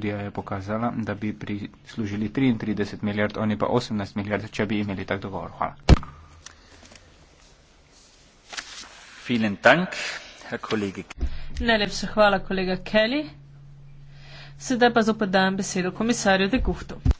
študija je pokazala, da bi prislužili 33 milijard, oni pa 18 milijard, če bi imeli tak dogovor. Hvala. Vielen Dank, Herr Kollege. Najlepša hvala, kolega Kelly. Sedaj pa zopet dajem besedo komisarju de Guhtu.